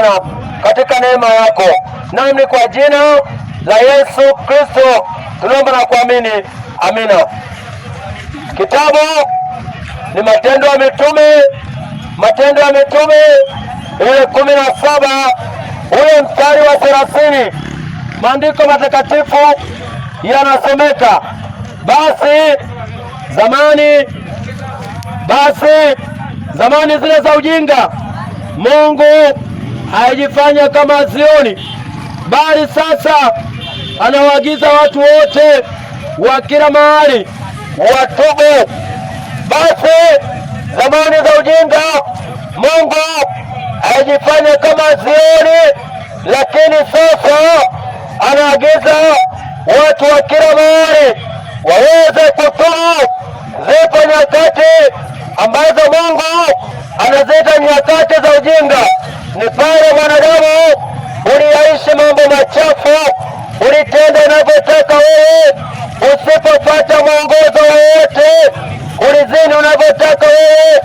Bwana katika neema yako, nami kwa jina la Yesu Kristo tunaomba na kuamini, amina. Kitabu ni Matendo ya Mitume, Matendo ya Mitume ile kumi na saba ule mstari wa thelathini maandiko matakatifu yanasomeka basi zamani, basi zamani zile za ujinga Mungu haijifanya kama Zioni, bali sasa anawaagiza watu wote wa kila mahali watubu. Basi zamani za ujinga, Mungu haijifanya kama Zioni, lakini sasa anaagiza watu wa kila mahali waweze kutubu. Zipo nyakati ambazo Mungu anazita nyakati za ujinga mfano mwanadamu uliyaishi mambo machafu, ulitenda unavyotaka wewe, usipopata mwongozo wowote, ulizini unavyotaka wewe,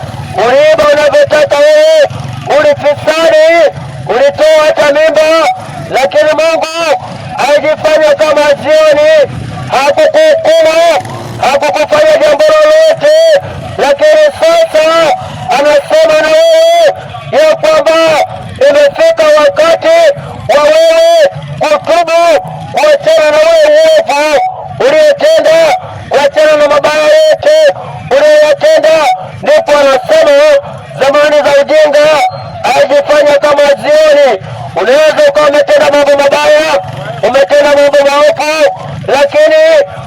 uliiba unavyotaka wewe, ulifisadi, ulitoa hata mimba, lakini Mungu alijifanya kama jioni hakukuhukuma hakukufanya jambo lolote, lakini sasa anasema na wewe utubu wachana na uovu uliotenda, wachana na mabaya yote uliyoyatenda. Ndipo anasema zamani za ujinga ajifanya kama zioni. Unaweza ukawa umetenda mambo mabaya, umetenda mambo maovu, lakini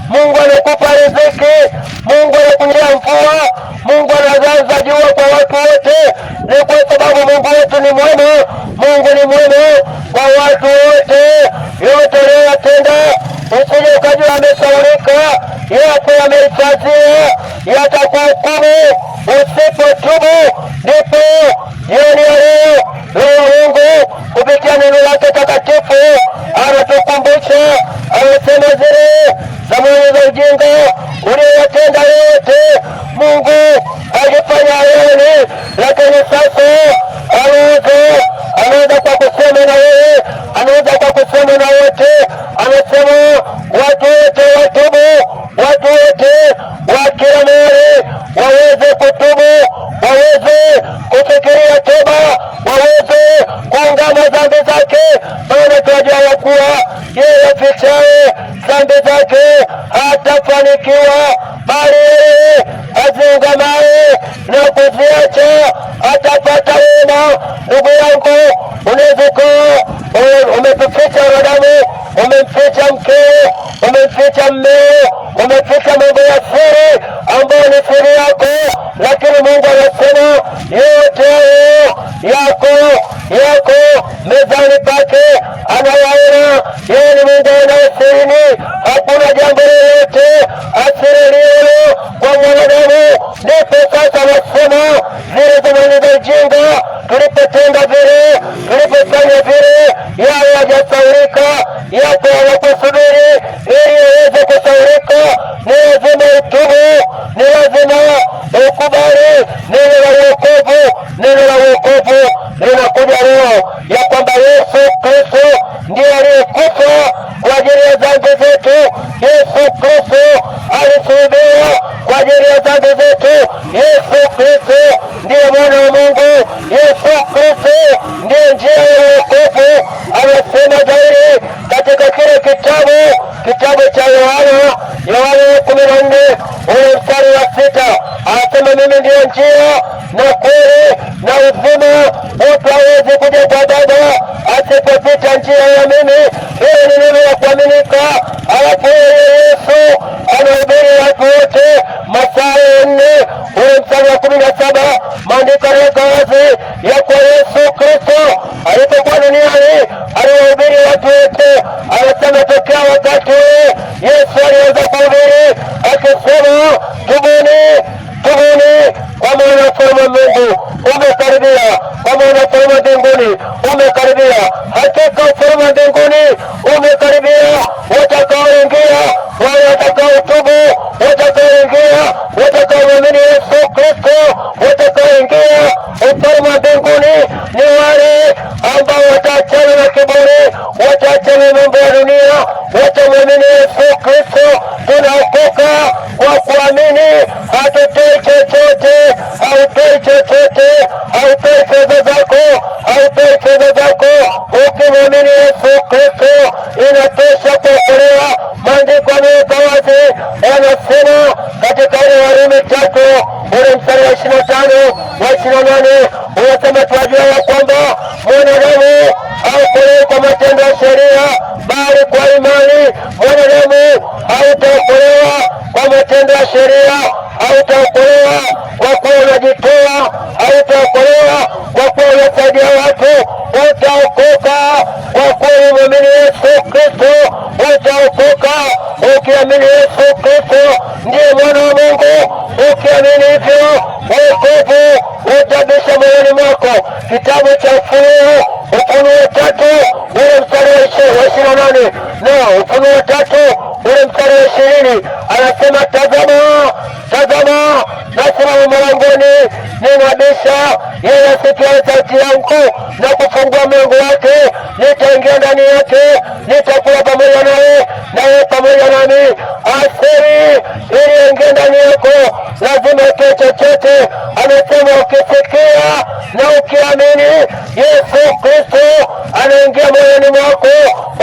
Mungu anakupa riziki, Mungu anakunyia mvua, Mungu anazaza jua kwa watu wote. Ni kwa sababu Mungu wetu ni mwema, Mungu ni mwema kwa watu wote. Eh, yote yametolewa tenda, mfumo ukajua amesaurika, yapo yamehifadhiwa, yatakuhukumu usipotubu. Ndipo jioni ya leo Roho Mungu kupitia neno lake takatifu anatukumbusha, amesema zile zamani za ujinga uliyotenda yote Mungu alifanya ayoni, lakini sasa ಕಡೆಯಿಂದ ಕಡಿತ ಚಂದ ಬೀರಿ ಕಡಿತ ಚಂದ ಬೀರಿ ಯಾವ ಜತ್ತ ಉಳಿಕ ಯಾವ Mungu Yesu Kristo ndiye njia ya wokovu, amesema dhahiri katika kile kitabu kitabu cha Yohana Yohana kumi na nne ule mstari wa sita anasema mimi ndiyo njia na kweli na uzima, mtu hawezi kuja kwa Baba asipopita njia ya mimi. Hili ni neno ya kuaminika. Alafu Yesu anahubiri watu अधिकारी गए थे యేసు క్రీస్తు అరిపోబడిని అని అరే ఒబిరి వచ్చి అవసరం చొక్కా వచ్చి ఈశ్వరి ఒబిరి అతి సేవ తుగుని తుగుని కొమ్మ కొమ్మ ముందు ఒక के ऊपर माध्यम को ने निवारे अब वचा चल रखे बोले वचा ishirini na nane unasema tunajua ya kwamba mwanadamu haokolewi kwa matendo ya sheria, bali kwa imani. Mwanadamu hautaokolewa kwa matendo ya sheria, hautaokolewa kwa kuwa unajitoa, hautaokolewa kwa kuwa unasaidia watu, utaokoka kwa kuwa umemwamini Yesu Kristo. Utaokoka ukiamini Yesu Kristo ndiye mwana wa Mungu, ukiamini hivyo hii moyoni mwako. Kitabu cha Ufunuo, Ufunuo tatu ule mstari wa ishirini na nane na Ufunuo tatu ule mstari wa ishirini anasema, tazama, tazama nasimama mlangoni ninabisha, yeye asikia sauti yangu na kufungua mlango wake, nitaingia ndani yake nita amesema ukisikia na ukiamini Yesu Kristo anaingia moyoni mwako,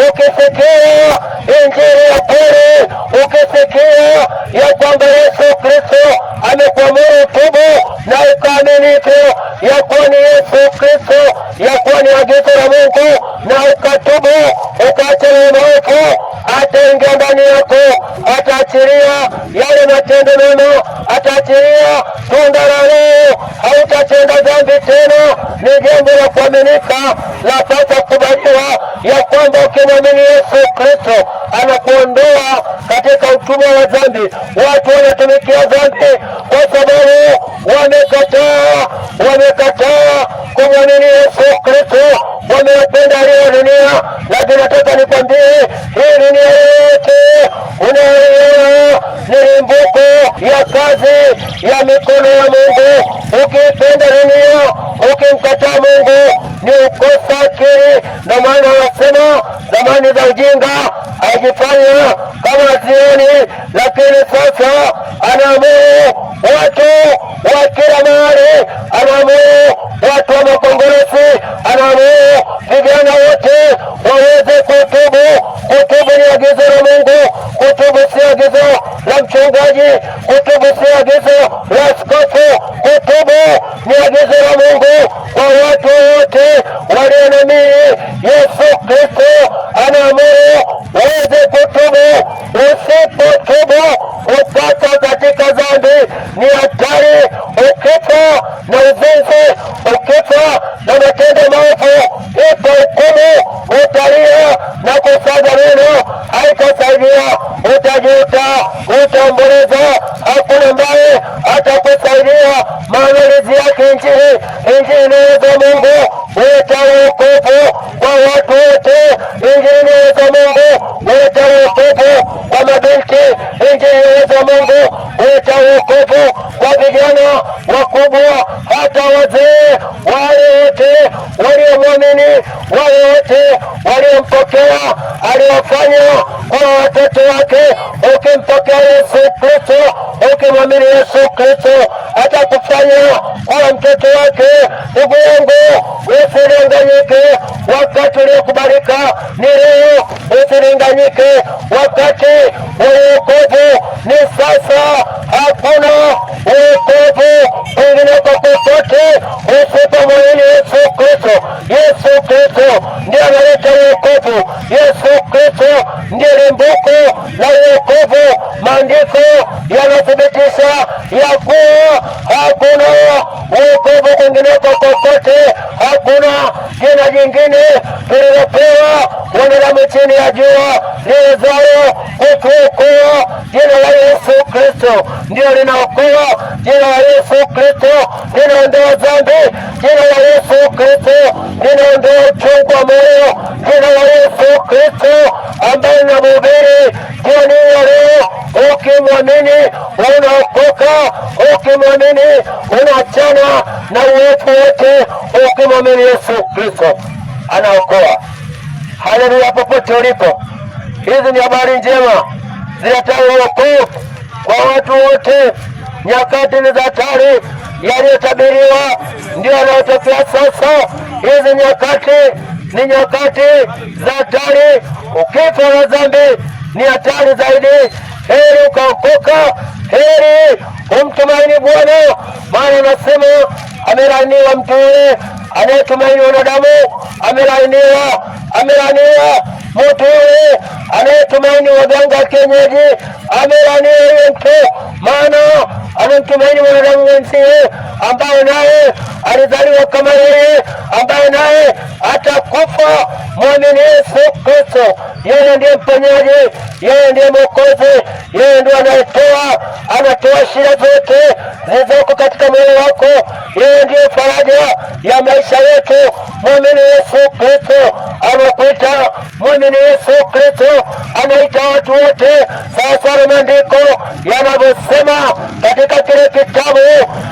ukisikia hautatenda dhambi tena. Ni jambo la kuaminika la pata kubaliwa ya kwamba ukimwamini Yesu Kristo anakuondoa katika utumwa wa dhambi. Watu wanatumikia dhambi kwa sababu wamekataa, wamekataa kumwamini Yesu Kristo, wamependa hali ya dunia. Lakini nataka nikwambie hii dunia yote unayoiona ni limbuko ya kazi ya mikono ya Mungu, ukipenda dunia, ukimkataa Mungu ni ukosa akili. Ndio maana wanasema zamani za ujinga akifanya kama tiani, lakini sasa anaamuru watu wa kila mahali, anaamuru watu wa makongresi, anaamuru vijana wote waweze kutubu. Kutubu ni agizo la Mungu, kutubu si agizo la mchungaji, kutubu si agizo la askofu, kutubu ni agizo la Mungu kwa watu wote walionamini Yesu kusaidia maandalizi yake nchini nchini za Mungu weta wokovu kwa watu wote, injili ya Mungu huleta wokovu kwa mabinti, injili ya Mungu huleta wokovu kwa vijana wakubwa, hata wazee, wale wote waliomwamini, wale wote waliompokea, aliwafanya kwa watoto wake. Ukimpokea Yesu Kristo, ukimwamini Yesu Kristo hata kufanya wala mtoto wake. Ndugu yangu, usilinganyike, wakati uliokubalika ni leo, usilinganyike, wakati wa wokovu ni sasa. Hakuna wokovu kwingineko kokote usipomwamini Yesu Kristo. Yesu Kristo ndiye analeta wokovu. Yesu Kristo ndiye limbuko la wokovu. Maandiko yanathibitisha ya kuwa hakuna wokovu kwingineko kokote, hakuna jina jingine tulilopewa mwanadamu chini ya jua liwezalo kutuokoa. Jina la Yesu Kristo ndio linaokoa. Jina la Yesu Kristo linaondoa dhambi. Jina la Yesu Kristo linaondoa uchungu wa moyo. Jina la Yesu Kristo ambaye ninamhubiri jioni ya leo, ukimwamini unaokoka ukimwamini unaachana na uwepo wote. Ukimwamini Yesu Kristo anaokoa. Haleluya! Popote ulipo, hizi ni habari njema zileta uokovu kwa watu wote. Nyakati ni za hatari, yaliyotabiriwa ndio yanayotokea sasa. Hizi nyakati ni nyakati za hatari. Ukifa na dhambi ni hatari zaidi. Heri ukaokoka, heri umtumaini Bwana, maana anasema amelaaniwa mtu yule anayetumaini wanadamu, amelaaniwa, amelaaniwa mtu yule anayetumaini waganga wa kienyeji, amelaaniwa yule mtu, maana anamtumaini mwanadamu mwenzie ambaye naye alizaliwa kama yeye, ambaye naye atakufa. Mwamini Yesu Kristo, yeye ndiye mponyaji, yeye ndiye mwokozi, yeye ndiye anayetoa, anatoa shida zote zilizoko katika moyo wako. Yeye ndiye faraja ya maisha yetu. Mwamini Yesu Kristo, anakuita. Mwamini Yesu Kristo, anaita watu wote sasa na maandiko yanavyosema katika kile kitabu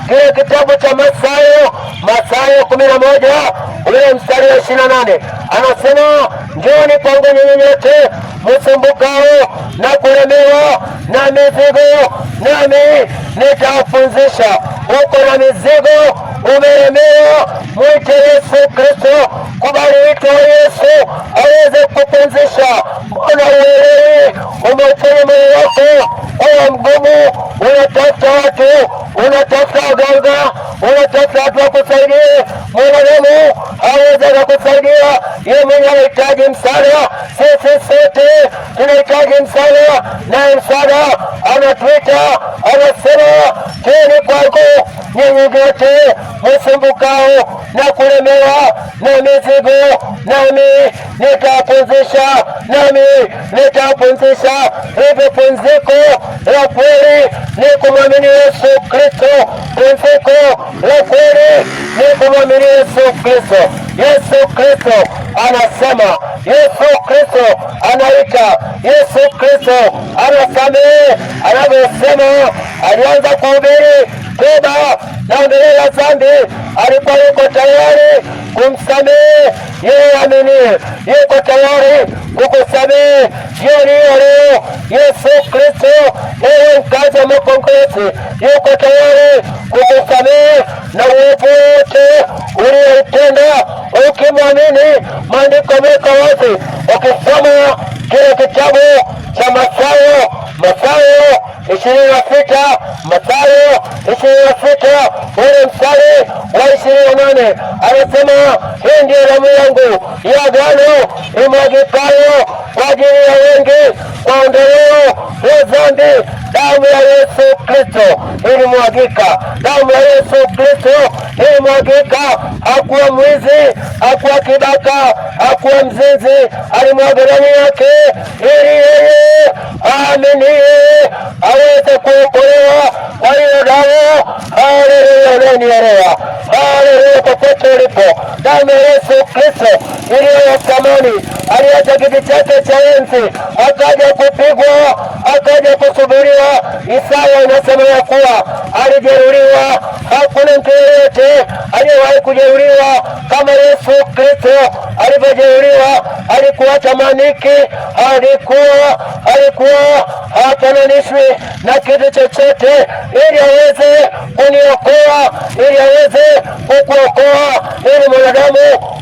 kile kitabu cha Mathayo Mathayo kumi na moja ule mstari wa ishirini na nane anasema njoni kwangu nyinyi nyote msumbukao na kulemewa na mizigo, nami nitawapumzisha. Uko na mizigo, umelemewa, mwite Yesu Kristo, kubali wito wa Yesu aweze kupunzisha wako na uwelele umeufanya moyo wako kuwa mgumu, unatafuta watu, unatafuta waganga, unatafuta watu wakusaidia. Mwanadamu hawezi akakusaidia, yeye mwenye anahitaji msaada. Sisi sote tunahitaji msaada, naye msaada anatuita, anasema teni kwangu nyinyi nyote msumbukao na kulemewa na mizigo, nami nitawapumzisha nami nitawapumzisha. Hivyo pumziko la kweli ni kumwamini Yesu Kristo. Pumziko la kweli ni kumwamini Yesu Kristo. Yesu Kristo anasema, Yesu Kristo anaita, Yesu Kristo anasamehe. Anavyosema alianza kuhubiri toba na ondoleo Alikuwa yuko tayari kumsamehe yeye aminiye, yuko tayari kukusamehe jioni hiyo leo. Yesu Kristo yeye mkazi wa Makongolesi yuko tayari kukusamehe na uovu wote ulioutenda ukimwamini. Maandiko meko wazi, ukisoma kile kitabu cha Mathayo, Mathayo ishirini na sita Mathayo ishirini na sita mstari wa ishirini na nane anasema hii ndiyo damu yangu ya agano imwagikayo kwa ajili ya wengi kwa ondoleo la dhambi. Damu ya Yesu Kristo ilimwagika, damu ya Yesu Kristo ilimwagika. Hakuwa mwizi, hakuwa kibaka, hakuwa mzinzi, alimwaga damu yake ili yeye aaminiye aweze kuokolewa. 欢迎战友，二六六六六六 haleluya, popote ulipo, damu ya Yesu Kristo iliyo ya thamani, aliacha kiti chake cha enzi akaja kupigwa, akaja kusulubiwa. Isaya inasema ya kuwa alijeruhiwa, hakuna mtu yeyote aliyewahi kujeruliwa kama Yesu Kristo alivyojeruliwa Alikuwa tamaniki, alikuwa alikuwa hafananishwi na kitu chochote, ili aweze kuniokoa, ili aweze kukuokoa ili mwanadamu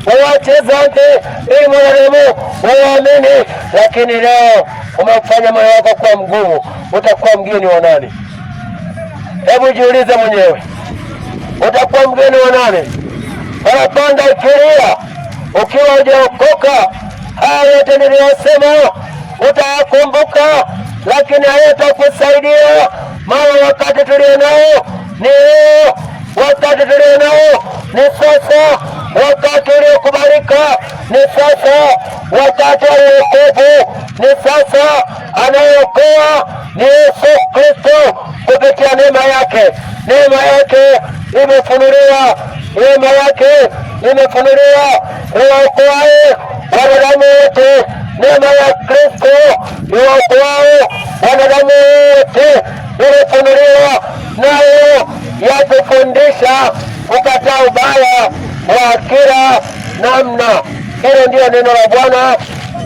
wawache dhambi, ili mwanadamu wawaamini. Lakini leo umefanya moyo wako kuwa mgumu, utakuwa mgeni wa nani? Hebu jiulize mwenyewe, utakuwa mgeni wa nani? Unapanda ikilia ukiwa hujaokoka. Haya yote niliyosema utayakumbuka, lakini hayo itakusaidia wakati tulio nao ni huu, wakati tulio nao ni sasa, wakati uliokubalika ni sasa, wakati wa wokovu ni sasa. Anayeokoa ni Yesu Kristo kupitia neema yake. Neema yake imefunuliwa, neema yake imefunuliwa, iwaokoaye wanadamu wote. Neema ya Kristo iwaokoayo wanadamu wote, imefunuliwa nayo yatufundisha kukataa ubaya wa kila namna. Hilo ndiyo neno la Bwana.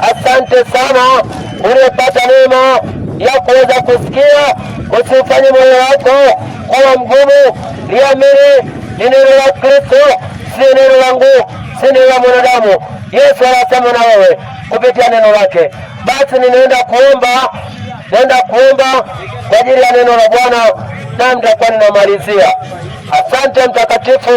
Asante sana uliyepata neema ya kuweza kusikia. Usifanye moyo wako kuwa mgumu, liamini. Ni neno la Kristo, si neno langu, si neno la mwanadamu. Yesu anasema na wewe kupitia neno lake. Basi ninaenda kuomba, naenda kuomba kwa ajili ya neno la Bwana na nitakuwa ninamalizia. Asante mtakatifu,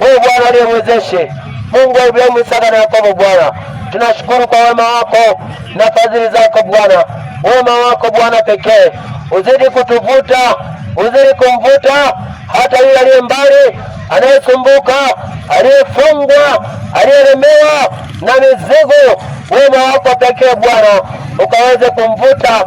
huyu Bwana aliyemwezeshe Mungu wa Ibrahimu, Isaka na Yakobo. Bwana, tunashukuru kwa wema wako na fadhili zako Bwana, wema wako Bwana pekee, uzidi kutuvuta, uzidi kumvuta hata yule aliye mbali anayesumbuka, aliyefungwa, aliyelemewa na mizigo, wema wako pekee Bwana ukaweze kumvuta